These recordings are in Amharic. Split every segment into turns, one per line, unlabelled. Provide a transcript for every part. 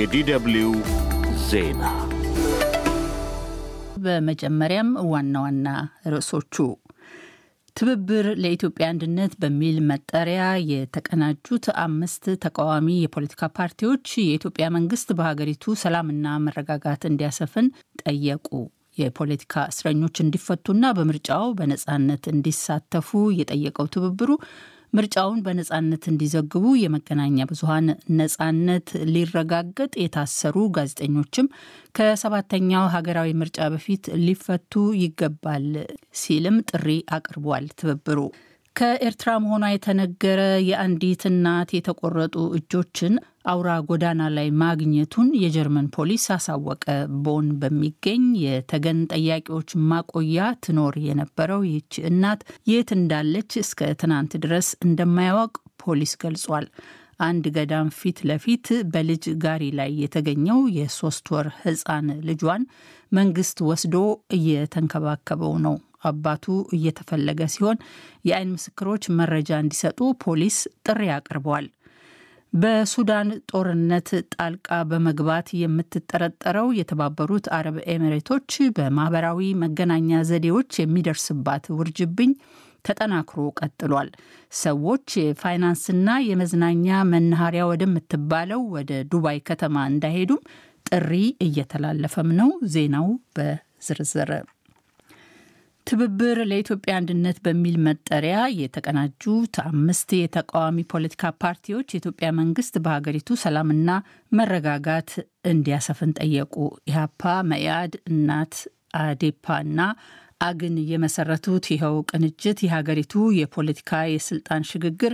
የዲደብሊው ዜና በመጀመሪያም ዋና ዋና ርዕሶቹ ትብብር ለኢትዮጵያ አንድነት በሚል መጠሪያ የተቀናጁት አምስት ተቃዋሚ የፖለቲካ ፓርቲዎች የኢትዮጵያ መንግስት በሀገሪቱ ሰላምና መረጋጋት እንዲያሰፍን ጠየቁ። የፖለቲካ እስረኞች እንዲፈቱና በምርጫው በነጻነት እንዲሳተፉ የጠየቀው ትብብሩ ምርጫውን በነጻነት እንዲዘግቡ የመገናኛ ብዙሀን ነጻነት ሊረጋገጥ የታሰሩ ጋዜጠኞችም ከሰባተኛው ሀገራዊ ምርጫ በፊት ሊፈቱ ይገባል ሲልም ጥሪ አቅርቧል ትብብሩ። ከኤርትራ መሆኗ የተነገረ የአንዲት እናት የተቆረጡ እጆችን አውራ ጎዳና ላይ ማግኘቱን የጀርመን ፖሊስ አሳወቀ። ቦን በሚገኝ የተገን ጠያቂዎች ማቆያ ትኖር የነበረው ይህች እናት የት እንዳለች እስከ ትናንት ድረስ እንደማያውቅ ፖሊስ ገልጿል። አንድ ገዳም ፊት ለፊት በልጅ ጋሪ ላይ የተገኘው የሶስት ወር ህፃን ልጇን መንግስት ወስዶ እየተንከባከበው ነው። አባቱ እየተፈለገ ሲሆን የአይን ምስክሮች መረጃ እንዲሰጡ ፖሊስ ጥሪ አቅርበዋል። በሱዳን ጦርነት ጣልቃ በመግባት የምትጠረጠረው የተባበሩት አረብ ኤሚሬቶች በማህበራዊ መገናኛ ዘዴዎች የሚደርስባት ውርጅብኝ ተጠናክሮ ቀጥሏል። ሰዎች የፋይናንስና የመዝናኛ መናኸሪያ ወደምትባለው ወደ ዱባይ ከተማ እንዳይሄዱም ጥሪ እየተላለፈም ነው። ዜናው በዝርዝር ትብብር ለኢትዮጵያ አንድነት በሚል መጠሪያ የተቀናጁት አምስት የተቃዋሚ ፖለቲካ ፓርቲዎች የኢትዮጵያ መንግስት በሀገሪቱ ሰላምና መረጋጋት እንዲያሰፍን ጠየቁ። ኢህአፓ፣ መኢአድ፣ እናት አዴፓ አግን የመሰረቱት ይኸው ቅንጅት የሀገሪቱ የፖለቲካ የስልጣን ሽግግር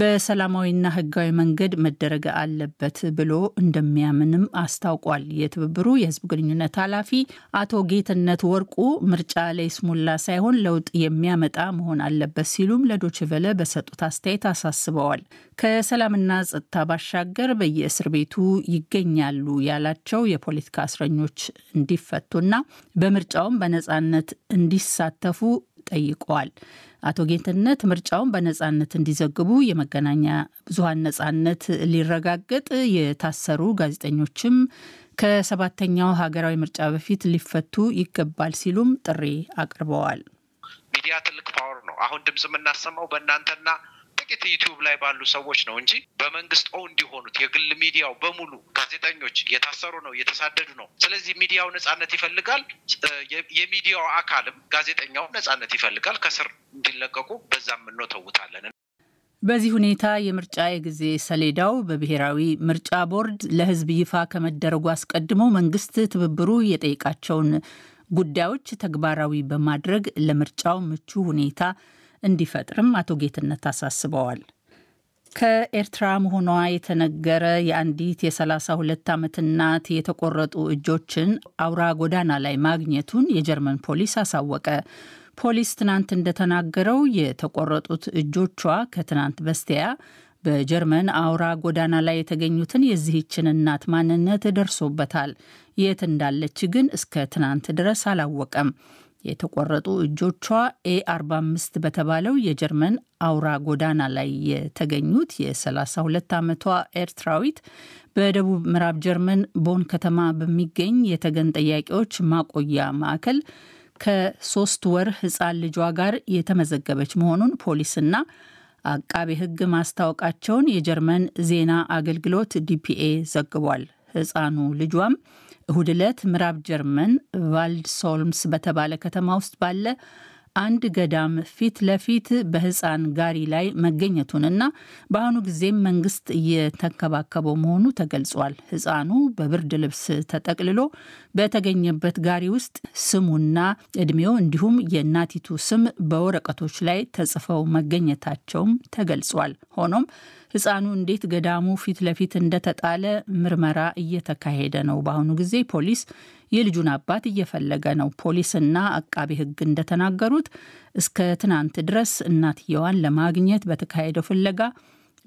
በሰላማዊና ህጋዊ መንገድ መደረግ አለበት ብሎ እንደሚያምንም አስታውቋል። የትብብሩ የህዝብ ግንኙነት ኃላፊ አቶ ጌትነት ወርቁ ምርጫ ለይስሙላ ሳይሆን ለውጥ የሚያመጣ መሆን አለበት ሲሉም ለዶችቨለ በሰጡት አስተያየት አሳስበዋል። ከሰላምና ጸጥታ ባሻገር በየእስር ቤቱ ይገኛሉ ያላቸው የፖለቲካ እስረኞች እንዲፈቱና በምርጫውም በነጻነት እንዲሳተፉ ጠይቀዋል። አቶ ጌትነት ምርጫውን በነጻነት እንዲዘግቡ የመገናኛ ብዙሀን ነጻነት ሊረጋገጥ የታሰሩ ጋዜጠኞችም ከሰባተኛው ሀገራዊ ምርጫ በፊት ሊፈቱ ይገባል ሲሉም ጥሪ አቅርበዋል። ሚዲያ ትልቅ ፓወር ነው። አሁን ድምፅ የምናሰማው በእናንተና ጥቂት ዩቲዩብ ላይ ባሉ ሰዎች ነው እንጂ በመንግስት ኦ እንዲሆኑት የግል ሚዲያው በሙሉ ጋዜጠኞች እየታሰሩ ነው፣ እየተሳደዱ ነው። ስለዚህ ሚዲያው ነጻነት ይፈልጋል። የሚዲያው አካልም ጋዜጠኛው ነጻነት ይፈልጋል። ከስር እንዲለቀቁ በዛም እንወተውታለን። በዚህ ሁኔታ የምርጫ የጊዜ ሰሌዳው በብሔራዊ ምርጫ ቦርድ ለህዝብ ይፋ ከመደረጉ አስቀድሞ መንግስት ትብብሩ የጠይቃቸውን ጉዳዮች ተግባራዊ በማድረግ ለምርጫው ምቹ ሁኔታ እንዲፈጥርም አቶ ጌትነት አሳስበዋል። ከኤርትራ መሆኗ የተነገረ የአንዲት የሰላሳ ሁለት ዓመት እናት የተቆረጡ እጆችን አውራ ጎዳና ላይ ማግኘቱን የጀርመን ፖሊስ አሳወቀ። ፖሊስ ትናንት እንደተናገረው የተቆረጡት እጆቿ ከትናንት በስቲያ በጀርመን አውራ ጎዳና ላይ የተገኙትን የዚህችን እናት ማንነት ደርሶበታል። የት እንዳለች ግን እስከ ትናንት ድረስ አላወቀም። የተቆረጡ እጆቿ ኤ45 በተባለው የጀርመን አውራ ጎዳና ላይ የተገኙት የ32 ዓመቷ ኤርትራዊት በደቡብ ምዕራብ ጀርመን ቦን ከተማ በሚገኝ የተገን ጠያቂዎች ማቆያ ማዕከል ከሶስት ወር ህፃን ልጇ ጋር የተመዘገበች መሆኑን ፖሊስና አቃቤ ህግ ማስታወቃቸውን የጀርመን ዜና አገልግሎት ዲፒኤ ዘግቧል። ህፃኑ ልጇም እሁድ ዕለት ምዕራብ ጀርመን ቫልድሶልምስ በተባለ ከተማ ውስጥ ባለ አንድ ገዳም ፊት ለፊት በህፃን ጋሪ ላይ መገኘቱንና በአሁኑ ጊዜም መንግስት እየተንከባከበው መሆኑ ተገልጿል። ህፃኑ በብርድ ልብስ ተጠቅልሎ በተገኘበት ጋሪ ውስጥ ስሙና እድሜው እንዲሁም የእናቲቱ ስም በወረቀቶች ላይ ተጽፈው መገኘታቸውም ተገልጿል። ሆኖም ህፃኑ እንዴት ገዳሙ ፊት ለፊት እንደተጣለ ምርመራ እየተካሄደ ነው። በአሁኑ ጊዜ ፖሊስ የልጁን አባት እየፈለገ ነው። ፖሊስና አቃቤ ሕግ እንደተናገሩት እስከ ትናንት ድረስ እናትየዋን ለማግኘት በተካሄደው ፍለጋ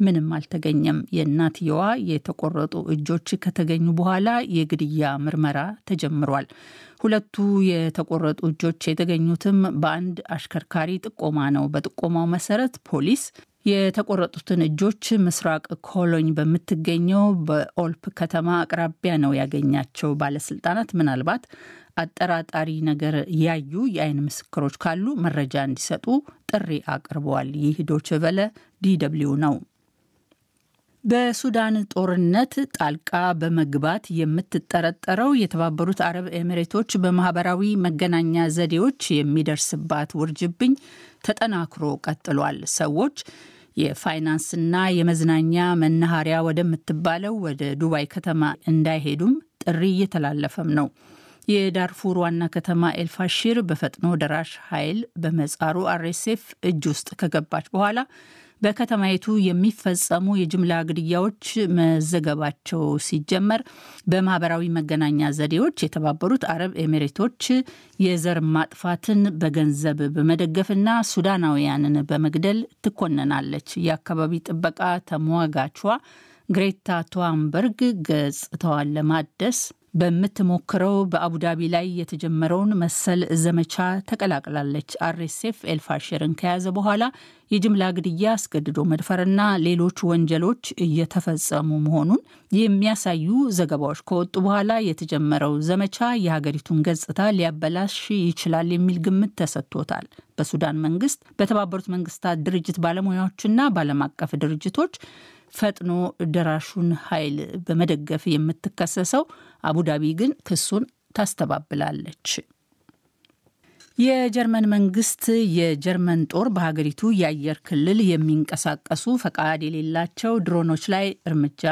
ምንም አልተገኘም። የእናትየዋ የተቆረጡ እጆች ከተገኙ በኋላ የግድያ ምርመራ ተጀምሯል። ሁለቱ የተቆረጡ እጆች የተገኙትም በአንድ አሽከርካሪ ጥቆማ ነው። በጥቆማው መሰረት ፖሊስ የተቆረጡትን እጆች ምስራቅ ኮሎኝ በምትገኘው በኦልፕ ከተማ አቅራቢያ ነው ያገኛቸው። ባለስልጣናት ምናልባት አጠራጣሪ ነገር ያዩ የአይን ምስክሮች ካሉ መረጃ እንዲሰጡ ጥሪ አቅርበዋል። ይህ ዶች በለ ዲደብሊው ነው። በሱዳን ጦርነት ጣልቃ በመግባት የምትጠረጠረው የተባበሩት አረብ ኤሚሬቶች በማህበራዊ መገናኛ ዘዴዎች የሚደርስባት ውርጅብኝ ተጠናክሮ ቀጥሏል። ሰዎች የፋይናንስና የመዝናኛ መናኸሪያ ወደምትባለው ወደ ዱባይ ከተማ እንዳይሄዱም ጥሪ እየተላለፈም ነው። የዳርፉር ዋና ከተማ ኤልፋሺር በፈጥኖ ደራሽ ኃይል በመጻሩ አርኤስኤፍ እጅ ውስጥ ከገባች በኋላ በከተማይቱ የሚፈጸሙ የጅምላ ግድያዎች መዘገባቸው ሲጀመር በማህበራዊ መገናኛ ዘዴዎች የተባበሩት አረብ ኤሚሬቶች የዘር ማጥፋትን በገንዘብ በመደገፍና ሱዳናውያንን በመግደል ትኮነናለች። የአካባቢ ጥበቃ ተሟጋቿ ግሬታ ቱዋምበርግ ገጽታዋን ለማደስ በምትሞክረው በአቡዳቢ ላይ የተጀመረውን መሰል ዘመቻ ተቀላቅላለች። አርኤስኤፍ ኤልፋሽርን ከያዘ በኋላ የጅምላ ግድያ፣ አስገድዶ መድፈርና ሌሎች ወንጀሎች እየተፈጸሙ መሆኑን የሚያሳዩ ዘገባዎች ከወጡ በኋላ የተጀመረው ዘመቻ የሀገሪቱን ገጽታ ሊያበላሽ ይችላል የሚል ግምት ተሰጥቶታል። በሱዳን መንግስት፣ በተባበሩት መንግስታት ድርጅት ባለሙያዎችና በዓለም አቀፍ ድርጅቶች ፈጥኖ ደራሹን ኃይል በመደገፍ የምትከሰሰው አቡዳቢ ግን ክሱን ታስተባብላለች። የጀርመን መንግስት የጀርመን ጦር በሀገሪቱ የአየር ክልል የሚንቀሳቀሱ ፈቃድ የሌላቸው ድሮኖች ላይ እርምጃ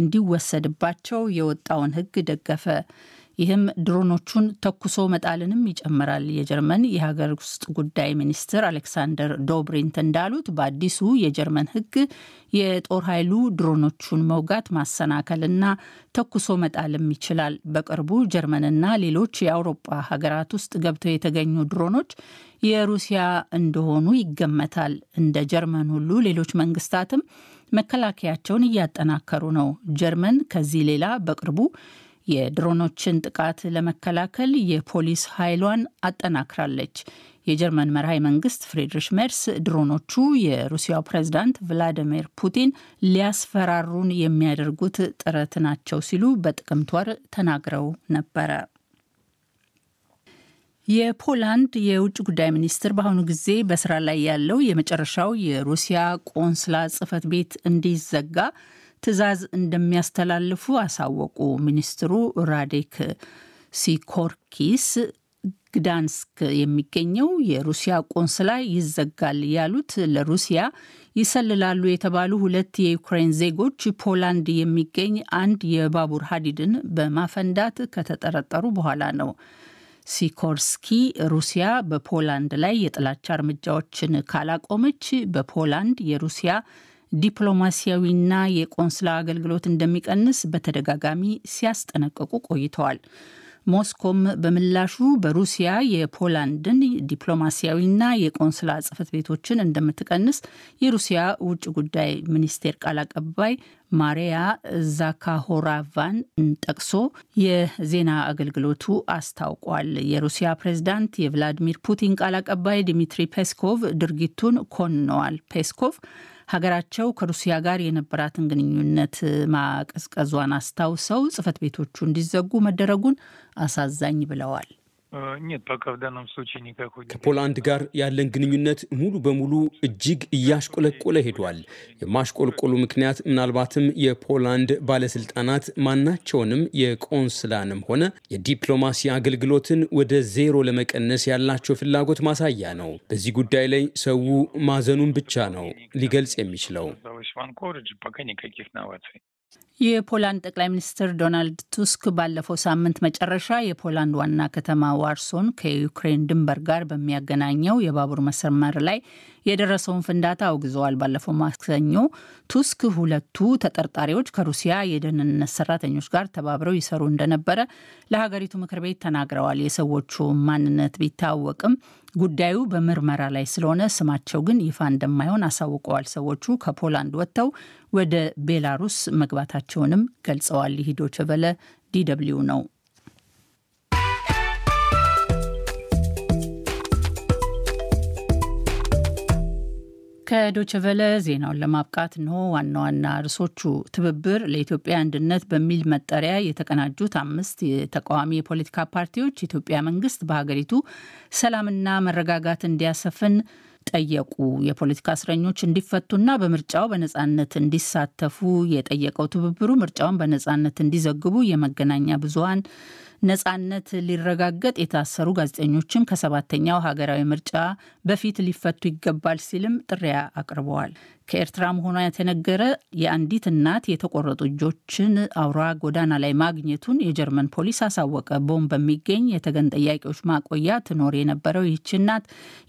እንዲወሰድባቸው የወጣውን ሕግ ደገፈ። ይህም ድሮኖቹን ተኩሶ መጣልንም ይጨምራል። የጀርመን የሀገር ውስጥ ጉዳይ ሚኒስትር አሌክሳንደር ዶብሪንት እንዳሉት በአዲሱ የጀርመን ሕግ የጦር ኃይሉ ድሮኖቹን መውጋት ማሰናከልና ተኩሶ መጣልም ይችላል። በቅርቡ ጀርመንና ሌሎች የአውሮፓ ሀገራት ውስጥ ገብተው የተገኙ ድሮኖች የሩሲያ እንደሆኑ ይገመታል። እንደ ጀርመን ሁሉ ሌሎች መንግስታትም መከላከያቸውን እያጠናከሩ ነው። ጀርመን ከዚህ ሌላ በቅርቡ የድሮኖችን ጥቃት ለመከላከል የፖሊስ ኃይሏን አጠናክራለች። የጀርመን መርሃይ መንግስት ፍሬድሪሽ ሜርስ ድሮኖቹ የሩሲያው ፕሬዝዳንት ቭላዲሚር ፑቲን ሊያስፈራሩን የሚያደርጉት ጥረት ናቸው ሲሉ በጥቅምት ወር ተናግረው ነበረ። የፖላንድ የውጭ ጉዳይ ሚኒስትር በአሁኑ ጊዜ በስራ ላይ ያለው የመጨረሻው የሩሲያ ቆንስላ ጽህፈት ቤት እንዲዘጋ ትዕዛዝ እንደሚያስተላልፉ አሳወቁ። ሚኒስትሩ ራዴክ ሲኮርኪስ ግዳንስክ የሚገኘው የሩሲያ ቆንስላ ይዘጋል ያሉት ለሩሲያ ይሰልላሉ የተባሉ ሁለት የዩክሬን ዜጎች ፖላንድ የሚገኝ አንድ የባቡር ሀዲድን በማፈንዳት ከተጠረጠሩ በኋላ ነው። ሲኮርስኪ ሩሲያ በፖላንድ ላይ የጥላቻ እርምጃዎችን ካላቆመች በፖላንድ የሩሲያ ዲፕሎማሲያዊና የቆንስላ አገልግሎት እንደሚቀንስ በተደጋጋሚ ሲያስጠነቅቁ ቆይተዋል። ሞስኮም በምላሹ በሩሲያ የፖላንድን ዲፕሎማሲያዊና የቆንስላ ጽህፈት ቤቶችን እንደምትቀንስ የሩሲያ ውጭ ጉዳይ ሚኒስቴር ቃል አቀባይ ማሪያ ዛካሆራቫን ጠቅሶ የዜና አገልግሎቱ አስታውቋል። የሩሲያ ፕሬዝዳንት የቭላዲሚር ፑቲን ቃል አቀባይ ዲሚትሪ ፔስኮቭ ድርጊቱን ኮንነዋል። ፔስኮቭ ሀገራቸው ከሩሲያ ጋር የነበራትን ግንኙነት ማቀዝቀዟን አስታውሰው ጽህፈት ቤቶቹ እንዲዘጉ መደረጉን አሳዛኝ ብለዋል። Э, нет, пока в данном случае никакой. ከፖላንድ ጋር ያለን ግንኙነት ሙሉ በሙሉ እጅግ እያሽቆለቆለ ሄዷል። የማሽቆልቆሉ ምክንያት ምናልባትም የፖላንድ ባለስልጣናት ማናቸውንም የቆንስላንም ሆነ የዲፕሎማሲ አገልግሎትን ወደ ዜሮ ለመቀነስ ያላቸው ፍላጎት ማሳያ ነው። በዚህ ጉዳይ ላይ ሰው ማዘኑን ብቻ ነው ሊገልጽ የሚችለው። የፖላንድ ጠቅላይ ሚኒስትር ዶናልድ ቱስክ ባለፈው ሳምንት መጨረሻ የፖላንድ ዋና ከተማ ዋርሶን ከዩክሬን ድንበር ጋር በሚያገናኘው የባቡር መሰመር ላይ የደረሰውን ፍንዳታ አውግዘዋል። ባለፈው ማክሰኞ ቱስክ ሁለቱ ተጠርጣሪዎች ከሩሲያ የደህንነት ሰራተኞች ጋር ተባብረው ይሰሩ እንደነበረ ለሀገሪቱ ምክር ቤት ተናግረዋል። የሰዎቹ ማንነት ቢታወቅም ጉዳዩ በምርመራ ላይ ስለሆነ ስማቸው ግን ይፋ እንደማይሆን አሳውቀዋል። ሰዎቹ ከፖላንድ ወጥተው ወደ ቤላሩስ መግባታቸው መሆናቸውንም ገልጸዋል። ይህ ዶይቼ ቬለ ዲደብሊው ነው። ከዶይቼ ዜናውን ለማብቃት እንሆ ዋና ዋና ርዕሶቹ። ትብብር ለኢትዮጵያ አንድነት በሚል መጠሪያ የተቀናጁት አምስት የተቃዋሚ የፖለቲካ ፓርቲዎች ኢትዮጵያ መንግስት በሀገሪቱ ሰላምና መረጋጋት እንዲያሰፍን ጠየቁ የፖለቲካ እስረኞች እንዲፈቱና በምርጫው በነጻነት እንዲሳተፉ የጠየቀው ትብብሩ ምርጫውን በነጻነት እንዲዘግቡ የመገናኛ ብዙሀን ነጻነት ሊረጋገጥ የታሰሩ ጋዜጠኞችም ከሰባተኛው ሀገራዊ ምርጫ በፊት ሊፈቱ ይገባል ሲልም ጥሪያ አቅርበዋል። ከኤርትራ መሆኗ የተነገረ የአንዲት እናት የተቆረጡ እጆችን አውራ ጎዳና ላይ ማግኘቱን የጀርመን ፖሊስ አሳወቀ። ቦን በሚገኝ የተገን ጠያቂዎች ማቆያ ትኖር የነበረው ይህች እናት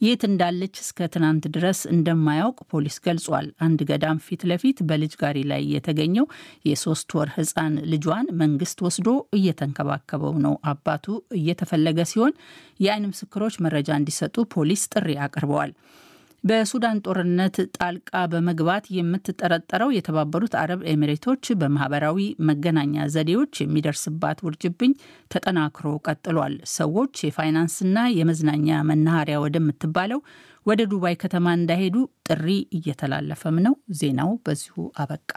የት እንዳለች እስከ ትናንት ድረስ እንደማያውቅ ፖሊስ ገልጿል። አንድ ገዳም ፊት ለፊት በልጅ ጋሪ ላይ የተገኘው የሶስት ወር ህፃን ልጇን መንግስት ወስዶ እየተንከባከበው ነው። አባቱ እየተፈለገ ሲሆን የአይን ምስክሮች መረጃ እንዲሰጡ ፖሊስ ጥሪ አቅርበዋል። በሱዳን ጦርነት ጣልቃ በመግባት የምትጠረጠረው የተባበሩት አረብ ኤሚሬቶች በማህበራዊ መገናኛ ዘዴዎች የሚደርስባት ውርጅብኝ ተጠናክሮ ቀጥሏል። ሰዎች የፋይናንስና የመዝናኛ መናኸሪያ ወደምትባለው ወደ ዱባይ ከተማ እንዳይሄዱ ጥሪ እየተላለፈም ነው። ዜናው በዚሁ አበቃ።